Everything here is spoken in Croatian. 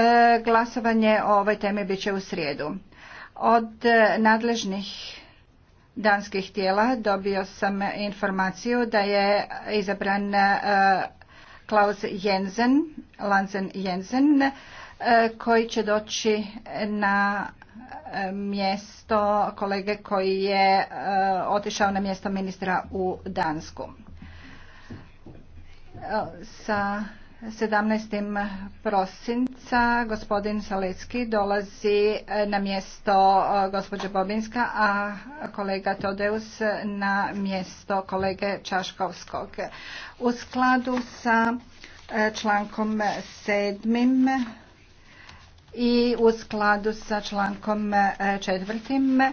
E, glasovanje o ovoj temi bit će u srijedu. Od e, nadležnih danskih tijela dobio sam informaciju da je izabran e, Klaus Jensen, Lansen Jensen, koji će doći na mjesto kolege koji je otišao na mjesto ministra u Dansku. Sa 17. prosinca gospodin Salecki dolazi na mjesto e, gospođe Bobinska, a kolega Todeus na mjesto kolege Čaškovskog. U skladu sa e, člankom 7. i u skladu sa člankom 4. E,